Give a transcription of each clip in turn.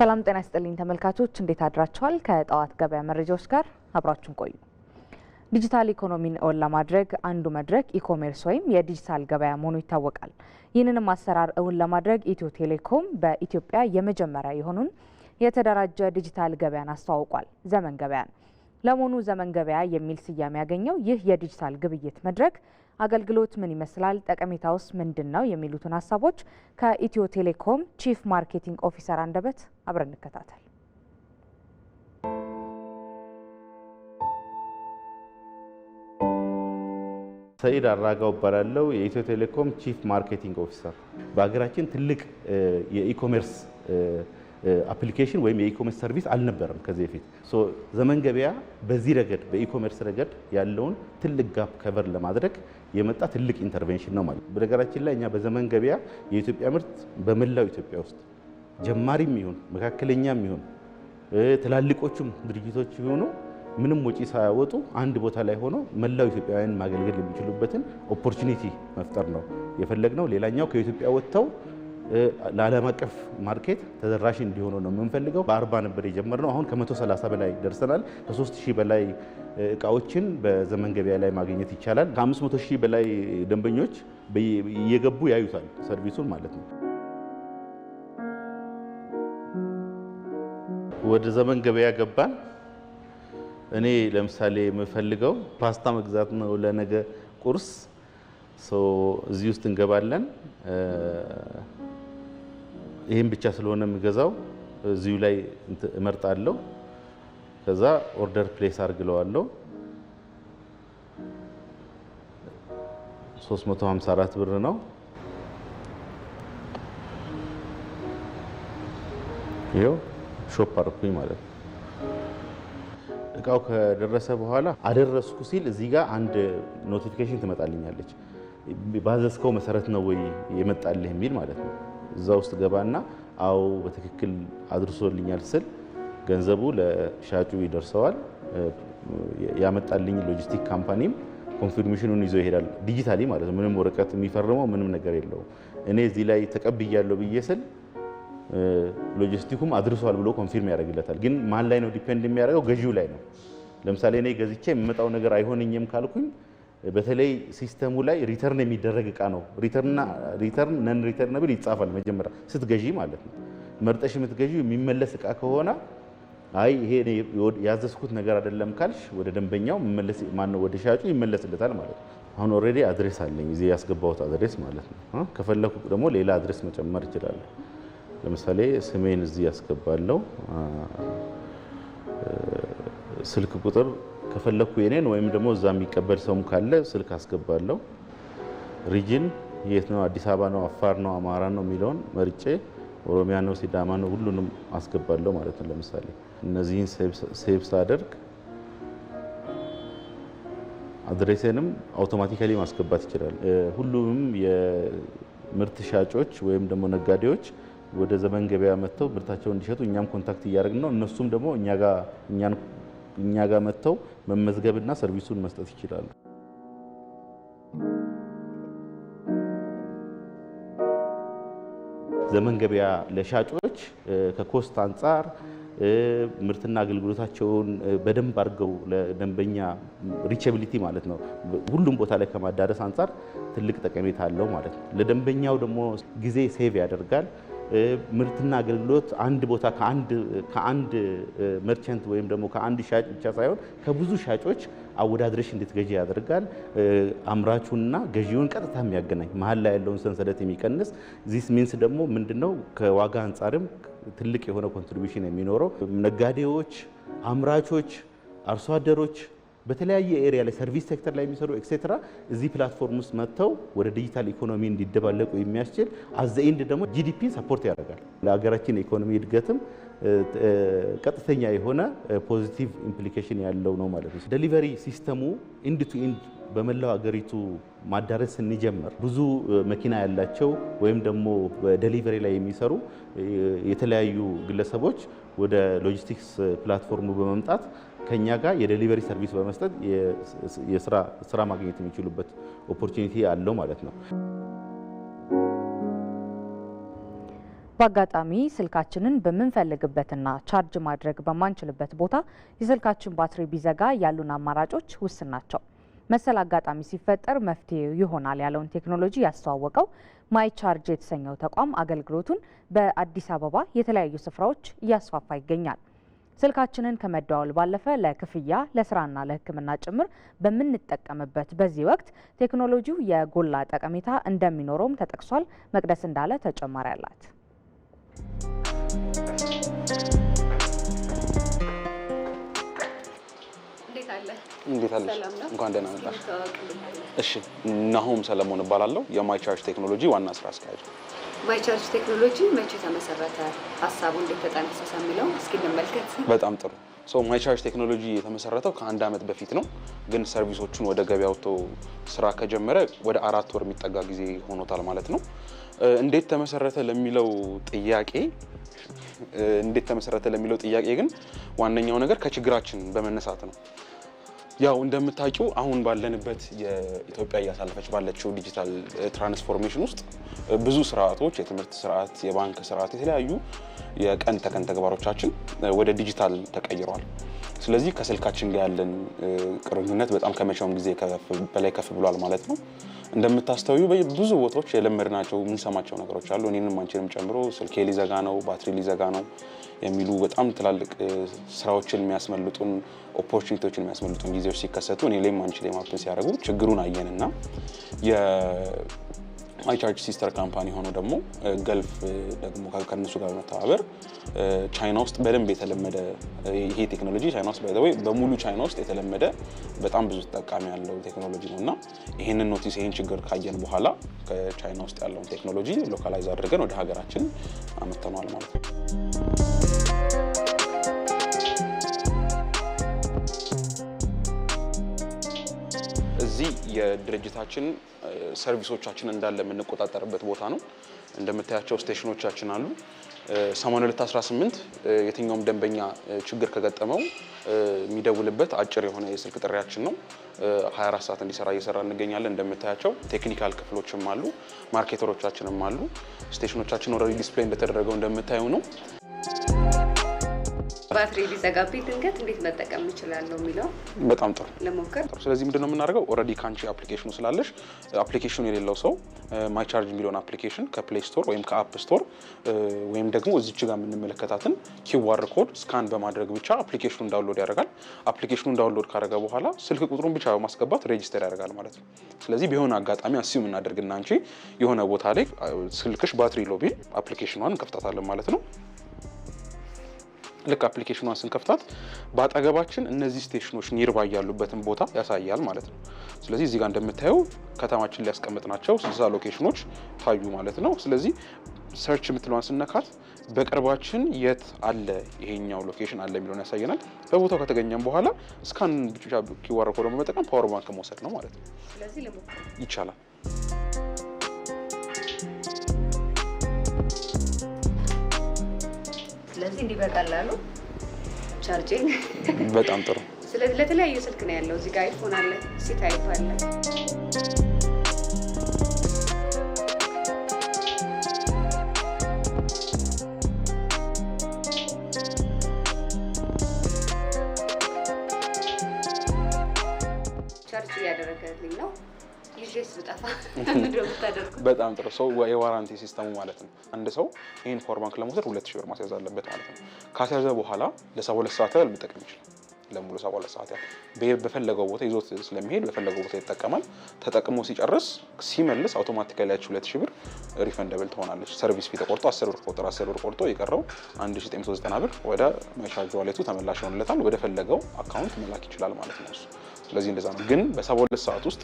ሰላም ጤና ይስጥልኝ ተመልካቾች፣ እንዴት አድራችኋል? ከጠዋት ገበያ መረጃዎች ጋር አብራችሁን ቆዩ። ዲጂታል ኢኮኖሚን እውን ለማድረግ አንዱ መድረክ ኢኮሜርስ ወይም የዲጂታል ገበያ መሆኑ ይታወቃል። ይህንንም አሰራር እውን ለማድረግ ኢትዮ ቴሌኮም በኢትዮጵያ የመጀመሪያ የሆኑን የተደራጀ ዲጂታል ገበያን አስተዋውቋል። ዘመን ገበያን ለመሆኑ ዘመን ገበያ የሚል ስያሜ ያገኘው ይህ የዲጂታል ግብይት መድረክ አገልግሎት ምን ይመስላል፣ ጠቀሜታውስ ምንድን ነው የሚሉትን ሀሳቦች ከኢትዮ ቴሌኮም ቺፍ ማርኬቲንግ ኦፊሰር አንደበት አብረን እንከታተል። ሰይድ አራጋው እባላለሁ። የኢትዮ ቴሌኮም ቺፍ ማርኬቲንግ ኦፊሰር። በሀገራችን ትልቅ የኢኮሜርስ አፕሊኬሽን ወይም የኢኮሜርስ ሰርቪስ አልነበረም ከዚህ በፊት። ዘመን ገበያ በዚህ ረገድ በኢኮሜርስ ረገድ ያለውን ትልቅ ጋፕ ከቨር ለማድረግ የመጣ ትልቅ ኢንተርቬንሽን ነው ማለት። በነገራችን ላይ እኛ በዘመን ገበያ የኢትዮጵያ ምርት በመላው ኢትዮጵያ ውስጥ ጀማሪም ይሁን መካከለኛም ይሁን ትላልቆቹም ድርጅቶች የሆኑ ምንም ወጪ ሳያወጡ አንድ ቦታ ላይ ሆኖ መላው ኢትዮጵያውያን ማገልገል የሚችሉበትን ኦፖርቹኒቲ መፍጠር ነው የፈለግነው። ሌላኛው ከኢትዮጵያ ወጥተው ለዓለም አቀፍ ማርኬት ተደራሽ እንዲሆኑ ነው የምንፈልገው። በአርባ ነበር የጀመርነው። አሁን ከ130 በላይ ደርሰናል። ከ3000 በላይ እቃዎችን በዘመን ገበያ ላይ ማግኘት ይቻላል። ከ500 ሺህ በላይ ደንበኞች እየገቡ ያዩታል ሰርቪሱን ማለት ነው። ወደ ዘመን ገበያ ገባን። እኔ ለምሳሌ የምፈልገው ፓስታ መግዛት ነው ለነገ ቁርስ። እዚህ ውስጥ እንገባለን። ይህም ብቻ ስለሆነ የምገዛው እዚሁ ላይ እመርጣለሁ። ከዛ ኦርደር ፕሌስ አርግለዋለሁ። 354 ብር ነው። ይኸው ሾፕ አርኩኝ ማለት ነው። እቃው ከደረሰ በኋላ አደረስኩ ሲል እዚህ ጋር አንድ ኖቲፊኬሽን ትመጣልኛለች። ባዘዝከው መሰረት ነው ወይ የመጣልህ የሚል ማለት ነው። እዛ ውስጥ ገባና አዎ በትክክል አድርሶልኛል ስል ገንዘቡ ለሻጩ ይደርሰዋል። ያመጣልኝ ሎጂስቲክ ካምፓኒም ኮንፊርሜሽኑን ይዞ ይሄዳል። ዲጂታሊ ማለት ነው። ምንም ወረቀት የሚፈርመው ምንም ነገር የለውም። እኔ እዚህ ላይ ተቀብያለሁ ብዬ ስል ሎጂስቲኩም አድርሷል ብሎ ኮንፊርም ያደርግለታል። ግን ማን ላይ ነው ዲፔንድ የሚያደርገው? ገዢው ላይ ነው። ለምሳሌ እኔ ገዝቼ የምመጣው ነገር አይሆንኝም ካልኩኝ በተለይ ሲስተሙ ላይ ሪተርን የሚደረግ እቃ ነው። ሪተርን ነን ብል ይጻፋል መጀመሪያ ስትገዢ ማለት ነው። መርጠሽ የምትገዢ የሚመለስ እቃ ከሆነ አይ ይሄ ያዘዝኩት ነገር አይደለም ካልሽ ወደ ደንበኛው መመለስ ወደ ሻጩ ይመለስለታል ማለት ነው። አሁን ኦልሬዲ አድሬስ አለኝ እዚህ ያስገባሁት አድሬስ ማለት ነው። ከፈለኩ ደግሞ ሌላ አድሬስ መጨመር እችላለሁ። ለምሳሌ ስሜን እዚህ ያስገባለው ስልክ ቁጥር ከፈለግኩ የኔን ወይም ደግሞ እዛ የሚቀበል ሰውም ካለ ስልክ አስገባለሁ። ሪጅን የት ነው? አዲስ አበባ ነው፣ አፋር ነው፣ አማራ ነው የሚለውን መርጬ ኦሮሚያ ነው፣ ሲዳማ ነው፣ ሁሉንም አስገባለሁ ማለት ነው። ለምሳሌ እነዚህን ሴቭ ሳደርግ አድሬሴንም አውቶማቲካሊ ማስገባት ይችላል። ሁሉም የምርት ሻጮች ወይም ደግሞ ነጋዴዎች ወደ ዘመን ገበያ መጥተው ምርታቸውን እንዲሸጡ እኛም ኮንታክት እያደረግን ነው። እነሱም ደግሞ እኛ ጋር እኛን እኛ ጋር መጥተው መመዝገብና ሰርቪሱን መስጠት ይችላሉ። ዘመን ገበያ ለሻጮች ከኮስት አንጻር ምርትና አገልግሎታቸውን በደንብ አድርገው ለደንበኛ ሪቸብሊቲ ማለት ነው ሁሉም ቦታ ላይ ከማዳረስ አንጻር ትልቅ ጠቀሜታ አለው ማለት ነው። ለደንበኛው ደግሞ ጊዜ ሴቭ ያደርጋል። ምርትና አገልግሎት አንድ ቦታ ከአንድ መርቸንት ወይም ደግሞ ከአንድ ሻጭ ብቻ ሳይሆን ከብዙ ሻጮች አወዳድረሽ እንድትገዢ ያደርጋል። አምራቹንና ገዢውን ቀጥታ የሚያገናኝ መሀል ላይ ያለውን ሰንሰለት የሚቀንስ ዚስ ሚንስ ደግሞ ምንድነው ከዋጋ አንጻርም ትልቅ የሆነ ኮንትሪቢሽን የሚኖረው ነጋዴዎች፣ አምራቾች፣ አርሶ አደሮች በተለያየ ኤሪያ ላይ ሰርቪስ ሴክተር ላይ የሚሰሩ ኤክሴትራ እዚህ ፕላትፎርም ውስጥ መጥተው ወደ ዲጂታል ኢኮኖሚ እንዲደባለቁ የሚያስችል አዘኢንድ ደግሞ ጂዲፒን ሰፖርት ያደርጋል። ለሀገራችን ኢኮኖሚ እድገትም ቀጥተኛ የሆነ ፖዚቲቭ ኢምፕሊኬሽን ያለው ነው ማለት ነው። ደሊቨሪ ሲስተሙ ኢንድ ቱ ኢንድ በመላው አገሪቱ ማዳረስ ስንጀምር ብዙ መኪና ያላቸው ወይም ደግሞ ደሊቨሪ ላይ የሚሰሩ የተለያዩ ግለሰቦች ወደ ሎጂስቲክስ ፕላትፎርሙ በመምጣት ከኛ ጋር የደሊቨሪ ሰርቪስ በመስጠት ስራ ማግኘት የሚችሉበት ኦፖርቹኒቲ አለው ማለት ነው። በአጋጣሚ ስልካችንን በምንፈልግበትና ቻርጅ ማድረግ በማንችልበት ቦታ የስልካችን ባትሪ ቢዘጋ ያሉን አማራጮች ውስን ናቸው። መሰል አጋጣሚ ሲፈጠር መፍትሄ ይሆናል ያለውን ቴክኖሎጂ ያስተዋወቀው ማይ ቻርጅ የተሰኘው ተቋም አገልግሎቱን በአዲስ አበባ የተለያዩ ስፍራዎች እያስፋፋ ይገኛል። ስልካችንን ከመደዋወል ባለፈ ለክፍያ ለስራና ለሕክምና ጭምር በምንጠቀምበት በዚህ ወቅት ቴክኖሎጂው የጎላ ጠቀሜታ እንደሚኖረውም ተጠቅሷል። መቅደስ እንዳለ ተጨማሪ አላት። እንዴት አለሽ? እንኳን ደህና መጣሽ። እሺ፣ ናሆም ሰለሞን እባላለሁ የማይቻርጅ ቴክኖሎጂ ዋና ስራ አስኪያጅ። ማይቻርጅ ቴክኖሎጂ መቼ ተመሰረተ? ሀሳቡ እንዴት ተጠነሰሰ የሚለው እስኪ እንመልከት። በጣም ጥሩ ሶ ማይቻርጅ ቴክኖሎጂ የተመሰረተው ከአንድ አመት በፊት ነው፣ ግን ሰርቪሶቹን ወደ ገበያ ስራ ከጀመረ ወደ አራት ወር የሚጠጋ ጊዜ ሆኖታል ማለት ነው። እንዴት ተመሰረተ ለሚለው ጥያቄ እንዴት ተመሰረተ ለሚለው ጥያቄ ግን ዋነኛው ነገር ከችግራችን በመነሳት ነው። ያው እንደምታውቂው አሁን ባለንበት የኢትዮጵያ እያሳለፈች ባለችው ዲጂታል ትራንስፎርሜሽን ውስጥ ብዙ ስርዓቶች፣ የትምህርት ስርዓት፣ የባንክ ስርዓት፣ የተለያዩ የቀን ተቀን ተግባሮቻችን ወደ ዲጂታል ተቀይረዋል። ስለዚህ ከስልካችን ጋር ያለን ቅርኙነት በጣም ከመቼውም ጊዜ በላይ ከፍ ብሏል ማለት ነው። እንደምታስተውዩ ብዙ ቦታዎች የለመድናቸው የምንሰማቸው ነገሮች አሉ። እኔንም አንቺንም ጨምሮ ስልኬ ሊዘጋ ነው፣ ባትሪ ሊዘጋ ነው የሚሉ በጣም ትላልቅ ስራዎችን የሚያስመልጡን ኦፖርቹኒቲዎችን የሚያስመልጡን ጊዜዎች ሲከሰቱ እኔ ላይም አንቺ ላይም ሀፕን ሲያደርጉ ችግሩን አየንና አይቻርጅ ሲስተር ካምፓኒ ሆኖ ደግሞ ገልፍ ደግሞ ከነሱ ጋር በመተባበር ቻይና ውስጥ በደንብ የተለመደ ይሄ ቴክኖሎጂ ቻይና ውስጥ ባይዘወይ በሙሉ ቻይና ውስጥ የተለመደ በጣም ብዙ ተጠቃሚ ያለው ቴክኖሎጂ ነው እና ይህንን ኖቲስ ይህን ችግር ካየን በኋላ ከቻይና ውስጥ ያለውን ቴክኖሎጂ ሎካላይዝ አድርገን ወደ ሀገራችን አመተነዋል ማለት ነው። የድርጅታችን ሰርቪሶቻችን እንዳለ የምንቆጣጠርበት ቦታ ነው። እንደምታያቸው ስቴሽኖቻችን አሉ። 8218 የትኛውም ደንበኛ ችግር ከገጠመው የሚደውልበት አጭር የሆነ የስልክ ጥሪያችን ነው። 24 ሰዓት እንዲሰራ እየሰራ እንገኛለን። እንደምታያቸው ቴክኒካል ክፍሎችም አሉ፣ ማርኬተሮቻችንም አሉ። ስቴሽኖቻችን ኦልሬዲ ዲስፕሌይ እንደተደረገው እንደምታዩ ነው። ባትሪ ቢዘጋብኝ ድንገት እንዴት መጠቀም እችላለሁ የሚለው በጣም ጥሩ ለሞከር። ስለዚህ ምንድን ነው የምናደርገው? ኦልሬዲ ካንቺ አፕሊኬሽኑ ስላለሽ አፕሊኬሽኑ የሌለው ሰው ማይ ቻርጅ የሚለውን አፕሊኬሽን ከፕሌይ ስቶር ወይም ከአፕ ስቶር ወይም ደግሞ እዚች ጋር የምንመለከታትን ኪዋር ኮድ ስካን በማድረግ ብቻ አፕሊኬሽኑን ዳውንሎድ ያደርጋል። አፕሊኬሽኑን ዳውንሎድ ካደረገ በኋላ ስልክ ቁጥሩን ብቻ በማስገባት ሬጅስተር ያደርጋል ማለት ነው። ስለዚህ በሆነ አጋጣሚ አስዩም እናደርግና አንቺ የሆነ ቦታ ላይ ስልክሽ ባትሪ ሎቢ አፕሊኬሽኗን እንከፍታታለን ማለት ነው። ልክ አፕሊኬሽኗን ስንከፍታት በአጠገባችን እነዚህ ስቴሽኖች ኒርባይ ያሉበትን ቦታ ያሳያል ማለት ነው። ስለዚህ እዚህ ጋር እንደምታየው ከተማችን ሊያስቀምጥ ናቸው ስልሳ ሎኬሽኖች ታዩ ማለት ነው። ስለዚህ ሰርች የምትለዋን ስነካት በቅርባችን የት አለ ይሄኛው ሎኬሽን አለ የሚለውን ያሳየናል። በቦታው ከተገኘም በኋላ እስካን ብቻ ኪዋር ኮድ በመጠቀም ፓወር ባንክ መውሰድ ነው ማለት ነው። ይቻላል። ስለዚህ እንዲህ በቀላሉ ቻርጂንግ በጣም ጥሩ። ስለዚህ ለተለያየ ስልክ ነው ያለው። እዚህ ጋር አይፎን አለ፣ ሲ አለ በጣም ጥሩ ሰው የዋራንቲ ሲስተሙ ማለት ነው። አንድ ሰው ይህን ፓወር ባንክ ለመውሰድ ሁለት ሺህ ብር ማስያዝ አለበት ማለት ነው። ካስያዘ በኋላ ለሰባ ሁለት ሰዓት ያህል መጠቀም ይችላል። ለሙሉ ሰባ ሁለት ሰዓት ያህል በፈለገው ቦታ ይዞት ስለሚሄድ በፈለገው ቦታ ይጠቀማል። ተጠቅሞ ሲጨርስ ሲመልስ አውቶማቲካሊ ያች ሁለት ሺህ ብር ሪፈንደብል ትሆናለች። ሰርቪስ ፊ ተቆርጦ አስር ብር ቆጥር አስር ብር ቆርጦ የቀረው አንድ ሺህ ዘጠኝ መቶ ዘጠና ብር ወደ ማይቻርጅ ዋሌቱ ተመላሽ ይሆንለታል። ወደ ፈለገው አካውንት መላክ ይችላል ማለት ነው እሱ ስለዚህ እንደዛ ነው። ግን በሰባ ሁለት ሰዓት ውስጥ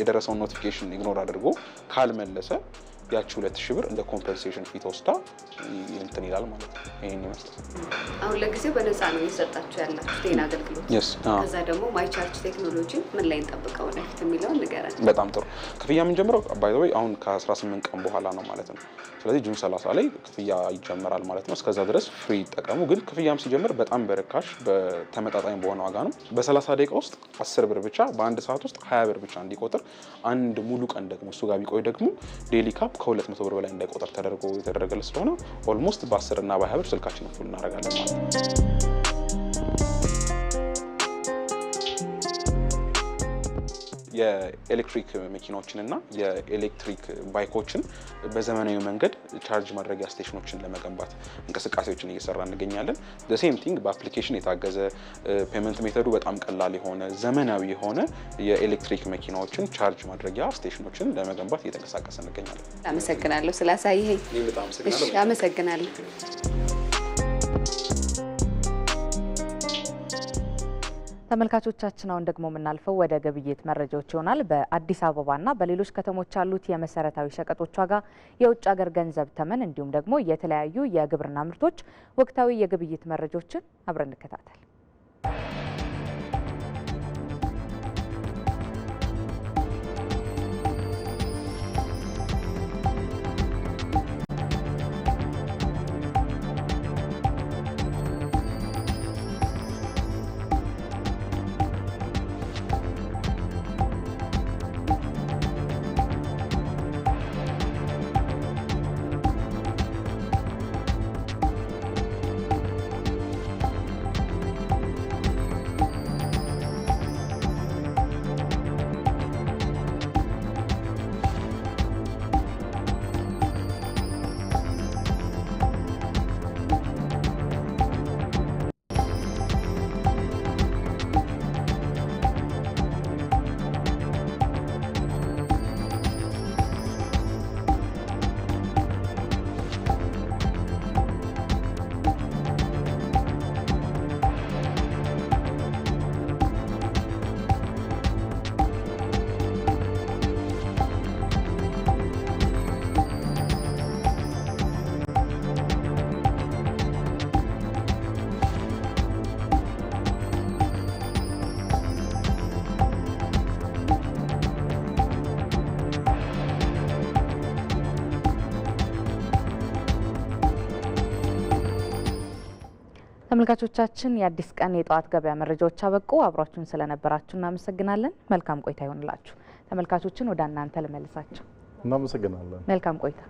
የደረሰውን ኖቲፊኬሽን ኢግኖር አድርጎ ካልመለሰ ያቺ ሁለት ሺህ ብር እንደ ኮምፐንሴሽን ፊት ወስዳ እንትን ይላል ማለት ነው። ይህን ይመስላል። አሁን ለጊዜው በነፃ ነው እየሰጣችሁ ያላችሁ ይህን አገልግሎት። uh-huh. ከዛ ደግሞ ማይቻርች ቴክኖሎጂ ምን ላይ እንጠብቀው ወደፊት የሚለውን ንገረን። በጣም ጥሩ ክፍያ የምንጀምረው ባይዘወይ አሁን ከ18 ቀን በኋላ ነው ማለት ነው። ስለዚህ ጁን 30 ላይ ክፍያ ይጀምራል ማለት ነው። እስከዛ ድረስ ፍሪ ይጠቀሙ። ግን ክፍያም ሲጀምር በጣም በርካሽ በተመጣጣኝ በሆነ ዋጋ ነው። በ30 ደቂቃ ውስጥ 10 ብር ብቻ፣ በአንድ ሰዓት ውስጥ 20 ብር ብቻ እንዲቆጥር አንድ ሙሉ ቀን ደግሞ እሱ ጋር ቢቆይ ደግሞ ዴሊ ካፕ እስከ 200 ብር በላይ እንዳይቆጠር ተደርጎ የተደረገለት ስለሆነ ኦልሞስት በ10 እና በ20 ብር ስልካችን ፉል እናደርጋለን ማለት ነው። የኤሌክትሪክ መኪናዎችን እና የኤሌክትሪክ ባይኮችን በዘመናዊ መንገድ ቻርጅ ማድረጊያ ስቴሽኖችን ለመገንባት እንቅስቃሴዎችን እየሰራ እንገኛለን። ሴም ቲንግ በአፕሊኬሽን የታገዘ ፔመንት ሜተዱ በጣም ቀላል የሆነ ዘመናዊ የሆነ የኤሌክትሪክ መኪናዎችን ቻርጅ ማድረጊያ ስቴሽኖችን ለመገንባት እየተንቀሳቀሰ እንገኛለን። አመሰግናለሁ ስላሳይህ። አመሰግናለሁ። ተመልካቾቻችን አሁን ደግሞ የምናልፈው ወደ ግብይት መረጃዎች ይሆናል። በአዲስ አበባና በሌሎች ከተሞች ያሉት የመሰረታዊ ሸቀጦች ዋጋ፣ የውጭ ሀገር ገንዘብ ተመን እንዲሁም ደግሞ የተለያዩ የግብርና ምርቶች ወቅታዊ የግብይት መረጃዎችን አብረን እንከታተል። ተመልካቾቻችን የአዲስ ቀን የጠዋት ገበያ መረጃዎች አበቁ። አብሯችሁን ስለነበራችሁ እናመሰግናለን። መልካም ቆይታ ይሆንላችሁ። ተመልካቾችን ወደ እናንተ ልመልሳቸው። እናመሰግናለን። መልካም ቆይታ